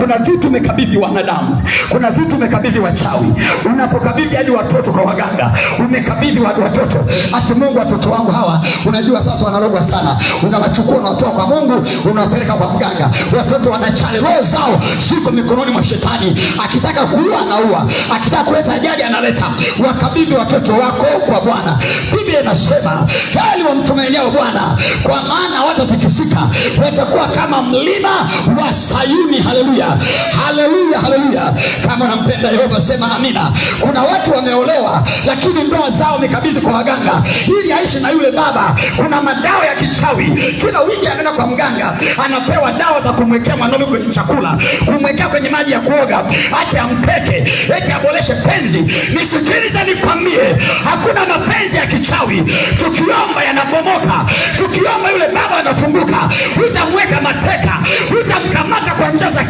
Kuna vitu umekabidhi wanadamu, kuna vitu umekabidhi wachawi. Unapokabidhi hadi watoto kwa waganga, umekabidhi watoto ati Mungu, watoto wangu hawa, unajua sasa wanarogwa sana. Unawachukua unawatoa kwa Mungu, unawapeleka kwa mganga. Watoto wanachale, roho zao ziko mikononi mwa Shetani. Akitaka kuua anaua, akitaka kuleta ajali analeta. Wakabidhi watoto wako kwa Bwana. Biblia inasema heri wamtumainiao Bwana, kwa maana watatikisika, watakuwa kama mlima wa Sayuni. Haleluya! Haleluya, haleluya! Kama nampenda Yehova sema amina. Kuna watu wameolewa, lakini ndoa zao wamekabidhi kwa waganga ili aishi na yule baba. Kuna madawa ya kichawi, kila wiki anaenda kwa mganga, anapewa dawa za kumwekea mwanaume kwenye chakula, kumwekea kwenye maji ya kuoga, ate ampeke, eti aboreshe penzi. Nisikilize nikwambie, hakuna mapenzi ya kichawi. Tukiomba yanabomoka, tukiomba yule baba anafunguka utamweka mateka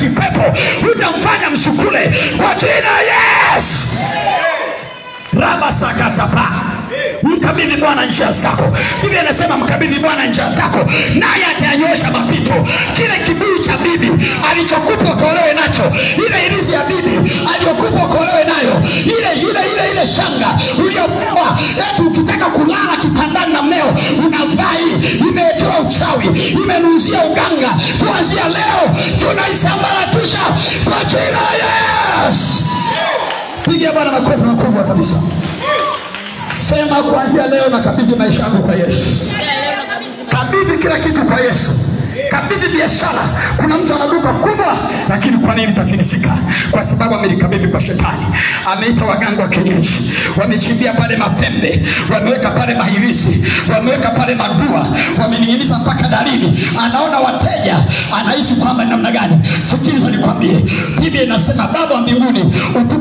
kipepo utamfanya msukule kwa jina yes Raba sakatapa mkabidhi Bwana njia zako. bibi anasema mkabidhi Bwana njia zako, naye atayanyosha mapito. Kile kibuyu cha bibi alichokupa kaolewe nacho uchawi, imeniuzia uganga. Kuanzia leo tunaisambaratisha kwa jina Yesu. Pigia Bwana makofi makubwa kabisa. Sema kuanzia leo nakabidhi maisha yangu kwa Yesu, kabidhi kila kitu kwa Yesu amelikabidhi biashara. Kuna mtu ana duka kubwa, lakini kwa nini tafilisika? Kwa sababu amelikabidhi kwa shetani. Ameita waganga wa kienyeji, wamechimbia pale mapembe, wameweka pale mahirizi, wameweka pale madua, wamening'iniza mpaka dalili. Anaona wateja, anahisi kwamba namna gani. Sikiliza nikwambie, Biblia inasema Baba wa mbinguni utu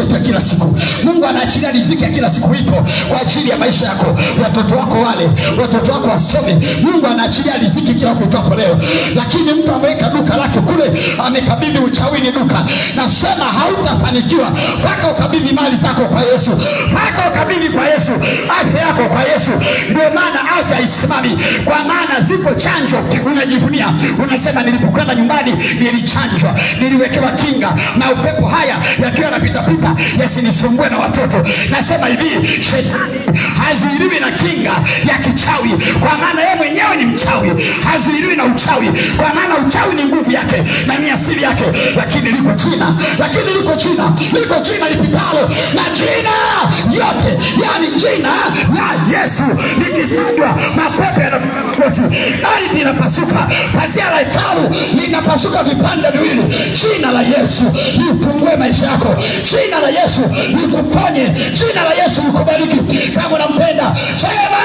yetu ya kila siku. Mungu anaachilia riziki ya kila siku ipo kwa ajili ya maisha yako, watoto wako wale, watoto wako wasome. Mungu anaachilia riziki kila kuitwapo leo. Lakini mtu ameweka duka lake kule, amekabidhi uchawini duka, nasema hautafanikiwa mpaka ukabidhi mali zako kwa Yesu, mpaka ukabidhi kwa Yesu, afya yako kwa Yesu. Ndio maana afya isimami, kwa maana ziko chanjo unajivunia, unasema nilipokwenda nyumbani nilichanjwa, niliwekewa kinga na upepo, haya yakiwa pita yasinisumbue na watoto. Nasema hivi, shetani hazuiliwi na kinga ya kichawi, kwa maana yeye mwenyewe ni mchawi, hazuiliwi na uchawi, kwa maana uchawi ni nguvu yake na ni asili yake. Lakini liko jina, lakini liko jina, liko jina lipitalo na jina vyote, yani jina la Yesu likitajwa, mapepo yanakoti, ardhi inapasuka, pazia la hekalu linapasuka vipande viwili. Jina la Yesu lifungue maisha yako, jina la Yesu likuponye, jina la Yesu likubariki. Kama unampenda sema